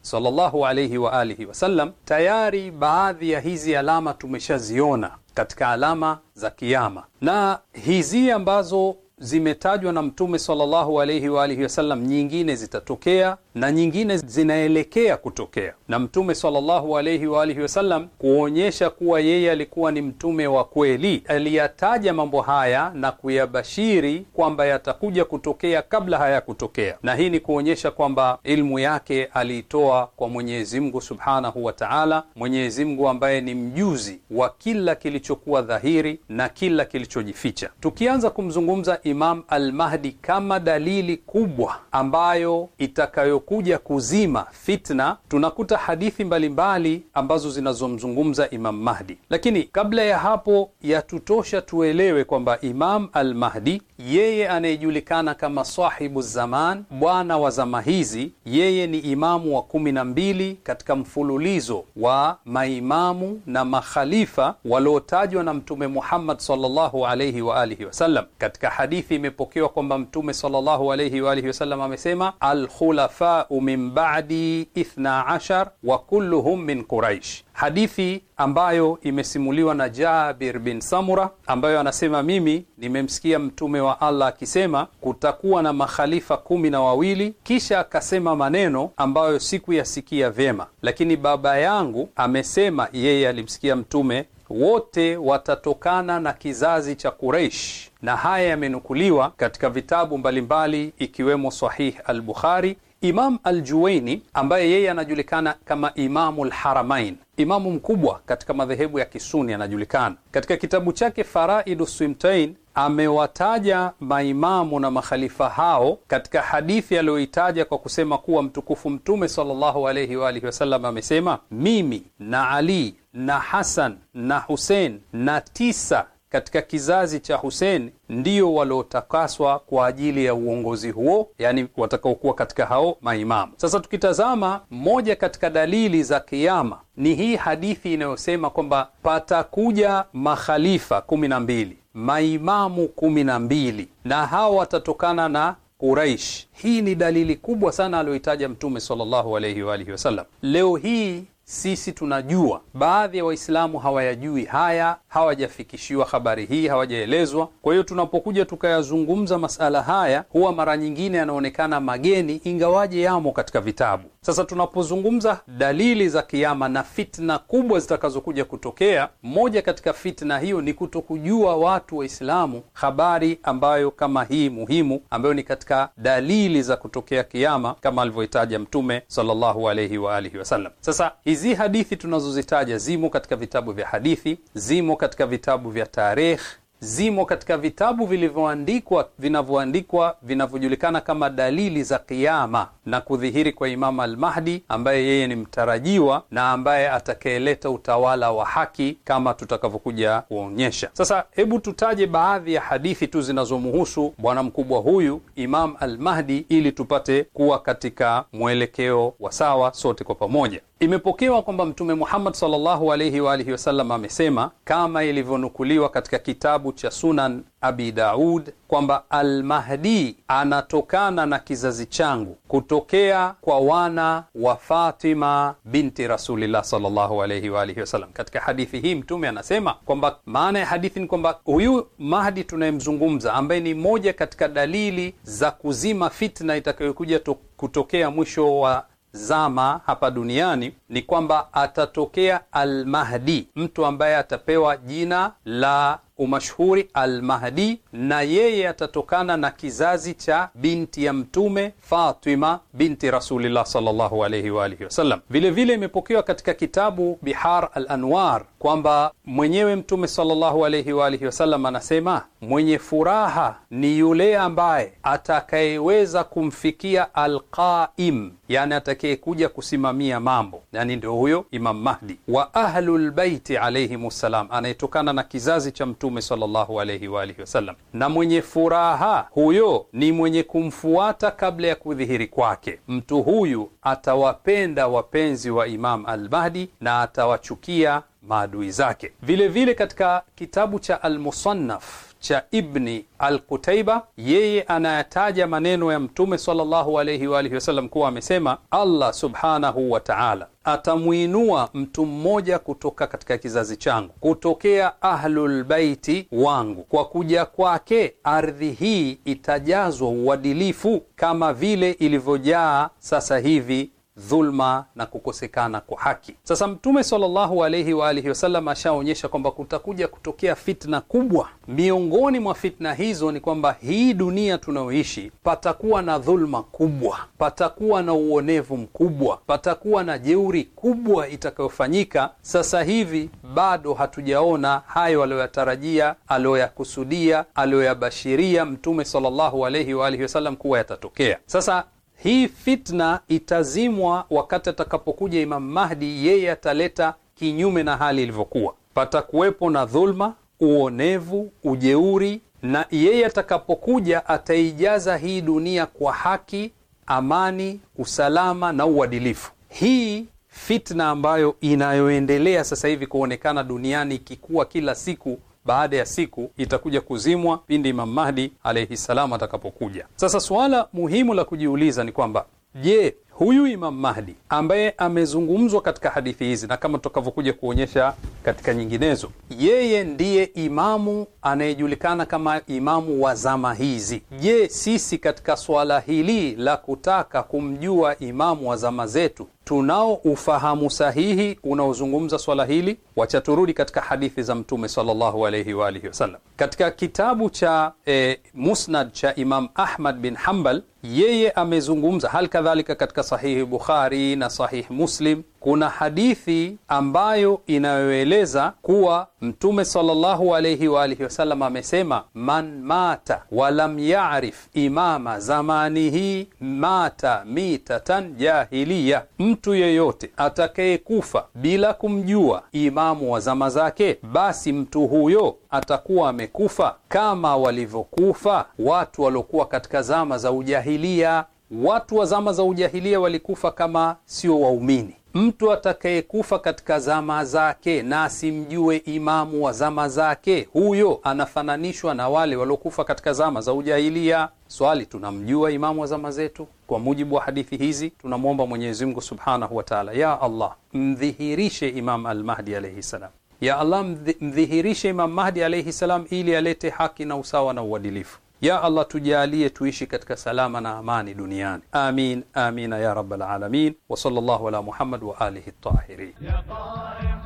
sallallahu alaihi wa alihi wasallam, tayari baadhi ya hizi alama tumeshaziona katika alama za kiama na hizi ambazo zimetajwa na Mtume sallallahu alaihi wa alihi wasallam, nyingine zitatokea na nyingine zinaelekea kutokea. Na Mtume sallallahu alaihi wa alihi wasallam, kuonyesha kuwa yeye alikuwa ni mtume wa kweli, aliyataja mambo haya na kuyabashiri kwamba yatakuja kutokea kabla hayakutokea, na hii ni kuonyesha kwamba ilmu yake aliitoa kwa Mwenyezi Mungu subhanahu wa taala, Mwenyezi Mungu ambaye ni mjuzi wa kila kilichokuwa dhahiri na kila kilichojificha. Tukianza kumzungumza Imam al-Mahdi kama dalili kubwa ambayo itakayokuja kuzima fitna, tunakuta hadithi mbalimbali mbali ambazo zinazomzungumza Imam Mahdi. Lakini kabla ya hapo, yatutosha tuelewe kwamba Imam al-Mahdi yeye anayejulikana kama sahibu zaman, bwana wa zama hizi, yeye ni imamu wa kumi na mbili katika mfululizo wa maimamu na makhalifa waliotajwa na Mtume Muhammad sallallahu alayhi wa alihi wasallam katika hadithi hadithi imepokewa kwamba Mtume sallallahu alayhi wa alihi wasallam amesema, alkhulafau min ba'di ithna ashar wa kulluhum min Quraish. Hadithi ambayo imesimuliwa na Jabir bin Samura, ambayo anasema mimi nimemsikia Mtume wa Allah akisema kutakuwa na makhalifa kumi na wawili, kisha akasema maneno ambayo sikuyasikia vyema, lakini baba yangu amesema yeye alimsikia Mtume wote watatokana na kizazi cha Quraish, na haya yamenukuliwa katika vitabu mbalimbali ikiwemo Sahih al-Bukhari. Imam al-Juwaini ambaye yeye anajulikana kama Imamu al-Haramain, imamu mkubwa katika madhehebu ya Kisuni, anajulikana katika kitabu chake Faraidu Swimtain amewataja maimamu na makhalifa hao katika hadithi aliyoitaja kwa kusema kuwa mtukufu Mtume sallallahu alayhi wa alihi wasallam amesema, mimi na Ali na Hasan na Husein na tisa katika kizazi cha Husein ndio waliotakaswa kwa ajili ya uongozi huo, yani watakaokuwa katika hao maimamu. Sasa tukitazama moja katika dalili za kiama ni hii hadithi inayosema kwamba patakuja makhalifa kumi na mbili, maimamu kumi na mbili, na hao watatokana na Quraish. Hii ni dalili kubwa sana aliyoitaja Mtume sallallahu alayhi wa alihi wasallam. Leo hii sisi tunajua, baadhi ya wa Waislamu hawayajui haya, hawajafikishiwa habari hii, hawajaelezwa. Kwa hiyo tunapokuja tukayazungumza masala haya, huwa mara nyingine yanaonekana mageni, ingawaje yamo katika vitabu. Sasa tunapozungumza dalili za kiama na fitna kubwa zitakazokuja kutokea, moja katika fitna hiyo ni kuto kujua watu Waislamu habari ambayo kama hii muhimu, ambayo ni katika dalili za kutokea kiama kama alivyoitaja Mtume sallallahu wa alihi wasallam. Sasa hizi hadithi tunazozitaja zimo katika vitabu vya hadithi, zimo katika vitabu vya tarikh zimo katika vitabu vilivyoandikwa vinavyoandikwa vinavyojulikana kama dalili za kiama na kudhihiri kwa Imam al-Mahdi ambaye yeye ni mtarajiwa na ambaye atakayeleta utawala wa haki kama tutakavyokuja kuonyesha. Sasa hebu tutaje baadhi ya hadithi tu zinazomuhusu bwana mkubwa huyu Imam al-Mahdi ili tupate kuwa katika mwelekeo wa sawa sote kwa pamoja. Imepokewa kwamba Mtume Muhammad sallallahu alaihi wa alihi wasallam amesema kama ilivyonukuliwa katika kitabu cha Sunan Abi Daud kwamba Almahdi anatokana na kizazi changu kutokea kwa wana wa Fatima binti Rasulillah sallallahu alayhi wa alihi wasallam. Katika hadithi hii Mtume anasema kwamba maana ya hadithi ni kwamba huyu Mahdi tunayemzungumza, ambaye ni moja katika dalili za kuzima fitna itakayokuja kutokea mwisho wa zama hapa duniani ni kwamba atatokea Almahdi, mtu ambaye atapewa jina la umashhuri Almahdi, na yeye atatokana na kizazi cha binti ya Mtume Fatima binti Rasulillah sallallahu alayhi wa alihi wasallam. Vilevile imepokewa katika kitabu Bihar alanwar kwamba mwenyewe Mtume sallallahu alaihi wa alihi wasallam anasema mwenye furaha ni yule ambaye atakayeweza kumfikia alqaim, yani atakayekuja kusimamia mambo, yani ndio huyo Imam Mahdi wa ahlulbaiti alaihim ssalam, anayetokana na kizazi cha Mtume sallallahu alaihi wa alihi wasallam. Na mwenye furaha huyo ni mwenye kumfuata kabla ya kudhihiri kwake. Mtu huyu atawapenda wapenzi wa Imam al-Mahdi na atawachukia maadui zake. Vile vile katika kitabu cha Almusannaf cha Ibni Alqutaiba, yeye anayataja maneno ya Mtume sallallahu alayhi wa alihi wasallam kuwa amesema, Allah subhanahu wa ta'ala atamwinua mtu mmoja kutoka katika kizazi changu kutokea ahlulbaiti wangu, kwa kuja kwake ardhi hii itajazwa uadilifu kama vile ilivyojaa sasa hivi dhulma na kukosekana kwa haki. Sasa Mtume sallallahu alaihi wa alihi wasallam ashaonyesha kwamba kutakuja kutokea fitna kubwa. Miongoni mwa fitna hizo ni kwamba hii dunia tunayoishi, patakuwa na dhulma kubwa, patakuwa na uonevu mkubwa, patakuwa na jeuri kubwa itakayofanyika. Sasa hivi bado hatujaona hayo aliyoyatarajia, aliyoyakusudia, aliyoyabashiria Mtume sallallahu alaihi wa alihi wasallam kuwa yatatokea. Sasa hii fitna itazimwa wakati atakapokuja Imam Mahdi. Yeye ataleta kinyume na hali ilivyokuwa, patakuwepo na dhulma, uonevu, ujeuri, na yeye atakapokuja ataijaza hii dunia kwa haki, amani, usalama na uadilifu. Hii fitna ambayo inayoendelea sasa hivi kuonekana duniani ikikuwa kila siku baada ya siku itakuja kuzimwa pindi Imam Mahdi alayhi salam atakapokuja. Sasa suala muhimu la kujiuliza ni kwamba je, huyu Imam Mahdi ambaye amezungumzwa katika hadithi hizi na kama tutakavyokuja kuonyesha katika nyinginezo, yeye ndiye imamu anayejulikana kama imamu wa zama hizi. Je, sisi katika swala hili la kutaka kumjua imamu wa zama zetu tunao ufahamu sahihi unaozungumza swala hili? Wacha turudi katika hadithi za Mtume sallallahu wa alihi wasallam. Katika kitabu cha e, Musnad cha Imam Ahmad bin hambal yeye amezungumza hal kadhalika katika Sahihi Bukhari na Sahihi Muslim kuna hadithi ambayo inayoeleza kuwa Mtume sallallahu alayhi wa alihi wasallam amesema, man mata walam yarif imama zamanihi mata mitatan jahiliya, mtu yeyote atakayekufa bila kumjua imamu wa zama zake, basi mtu huyo atakuwa amekufa kama walivyokufa watu waliokuwa katika zama za ujahilia. Watu wa zama za ujahilia walikufa kama sio waumini Mtu atakayekufa katika zama zake na asimjue imamu wa zama zake, huyo anafananishwa na wale waliokufa katika zama za ujahilia. Swali, tunamjua imamu wa zama zetu? Kwa mujibu wa hadithi hizi, tunamwomba Mwenyezi Mungu subhanahu wa taala, ya Allah, mdhihirishe Imam Almahdi alaihi ssalam. Ya Allah, mdhihirishe Imam Mahdi alaihi ssalam, ili alete haki na usawa na uadilifu يا الله تجاليه tuishi katika salama na amani duniani amin amina ya rabbal alamin wa sallallahu ala muhammad wa alihi at-tahirin ya qa'im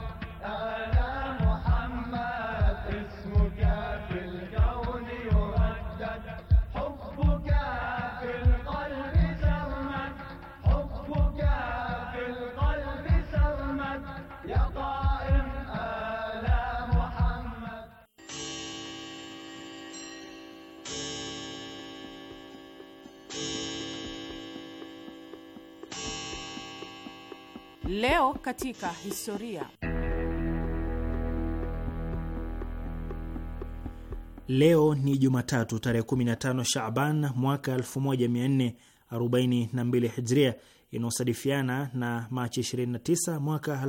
Leo katika historia. Leo ni Jumatatu tarehe 15 Shaban mwaka 1442 Hijria, inaosadifiana na Machi 29 mwaka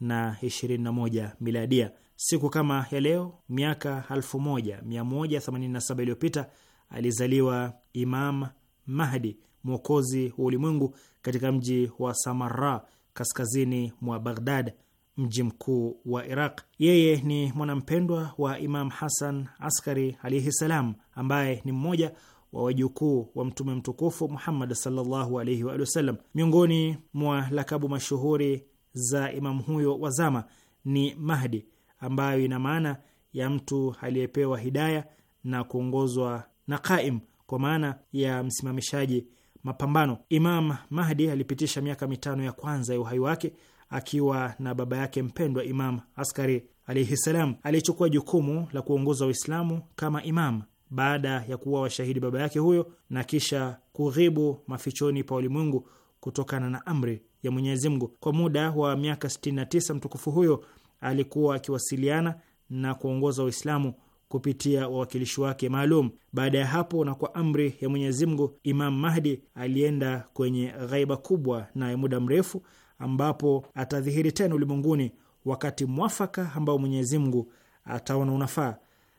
2021 Miladia. Siku kama ya leo miaka 1187 iliyopita alizaliwa Imam Mahdi, mwokozi wa ulimwengu, katika mji wa Samara kaskazini mwa Baghdad, mji mkuu wa Iraq. Yeye ni mwanampendwa wa Imam Hasan Askari alaihi ssalam ambaye ni mmoja wa wajukuu wa Mtume mtukufu Muhammad sallallahu alaihi wa sallam. Miongoni mwa lakabu mashuhuri za imamu huyo wa zama ni Mahdi, ambayo ina maana ya mtu aliyepewa hidaya na kuongozwa na Qaim, kwa maana ya msimamishaji mapambano. Imam Mahdi alipitisha miaka mitano ya kwanza ya uhai wake akiwa na baba yake mpendwa Imam Askari alaihi salam, aliyechukua jukumu la kuongoza Waislamu kama imam baada ya kuwa washahidi baba yake huyo na kisha kughibu mafichoni pa ulimwengu kutokana na amri ya Mwenyezi Mungu. Kwa muda wa miaka 69 mtukufu huyo alikuwa akiwasiliana na kuongoza Waislamu kupitia wawakilishi wake maalum. Baada ya hapo na kwa amri ya Mwenyezi Mungu, Imam Mahdi alienda kwenye ghaiba kubwa na ya muda mrefu, ambapo atadhihiri tena ulimwenguni wakati mwafaka ambao Mwenyezi Mungu ataona unafaa.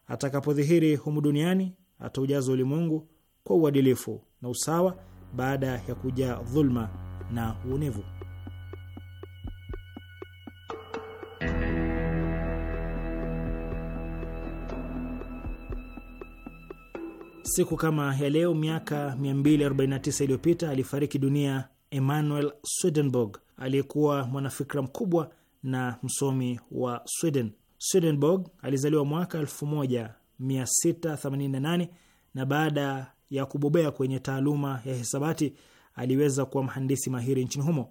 Atakapodhihiri humu duniani, ataujaza ulimwengu kwa uadilifu na usawa baada ya kujaa dhulma na uonevu. Siku kama ya leo miaka 249 iliyopita alifariki dunia Emmanuel Swedenborg aliyekuwa mwanafikra mkubwa na msomi wa Sweden. Swedenborg alizaliwa mwaka 1688 na baada ya kubobea kwenye taaluma ya hisabati aliweza kuwa mhandisi mahiri nchini humo.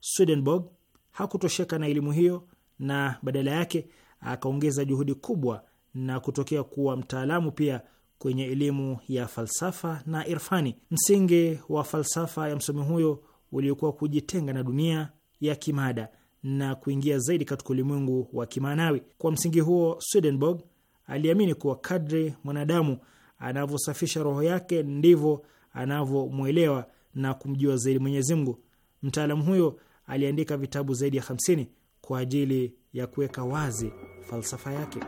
Swedenborg hakutosheka na elimu hiyo na badala yake akaongeza juhudi kubwa na kutokea kuwa mtaalamu pia kwenye elimu ya falsafa na irfani. Msingi wa falsafa ya msomi huyo uliokuwa kujitenga na dunia ya kimada na kuingia zaidi katika ulimwengu wa kimaanawi. Kwa msingi huo, Swedenborg aliamini kuwa kadri mwanadamu anavyosafisha roho yake ndivyo anavyomwelewa na kumjua zaidi Mwenyezi Mungu. Mtaalamu huyo aliandika vitabu zaidi ya 50 kwa ajili ya kuweka wazi falsafa yake.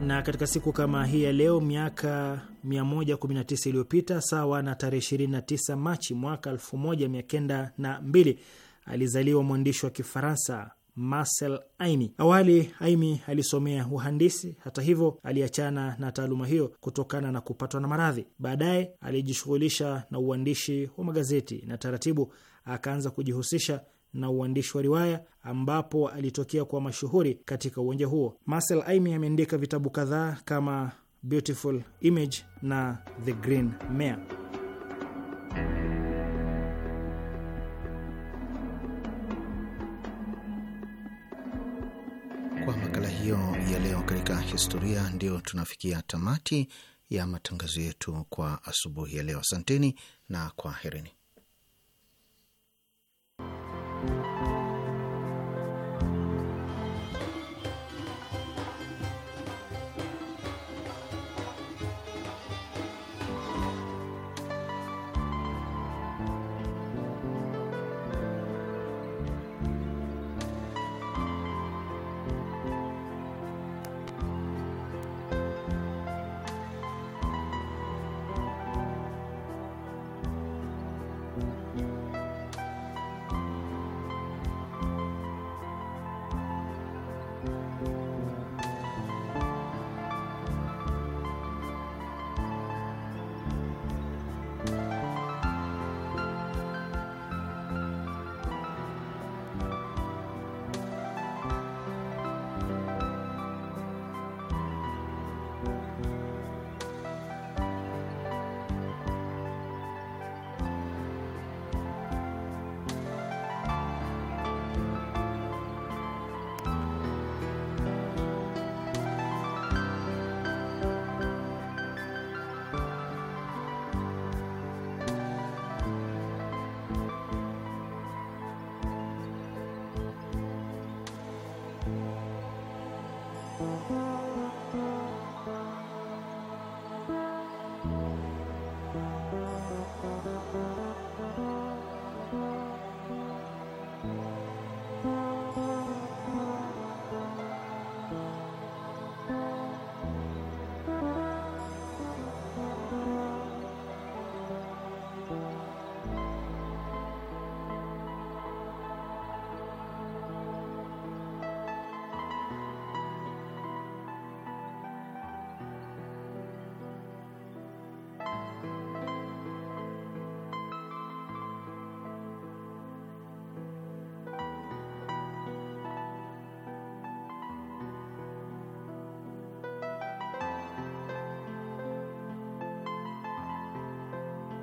na katika siku kama hii ya leo miaka 119 iliyopita, sawa na tarehe 29 Machi mwaka 1902 alizaliwa mwandishi wa Kifaransa Marcel Aimi. Awali Aimi alisomea uhandisi. Hata hivyo, aliachana na taaluma hiyo kutokana na kupatwa na maradhi. Baadaye alijishughulisha na uandishi wa magazeti na taratibu akaanza kujihusisha na uandishi wa riwaya ambapo alitokea kuwa mashuhuri katika uwanja huo. Marcel Aimi ameandika vitabu kadhaa kama Beautiful Image na The Green Mare. Kwa makala hiyo ya leo katika historia, ndio tunafikia tamati ya matangazo yetu kwa asubuhi ya leo. Asanteni na kwaherini. thank you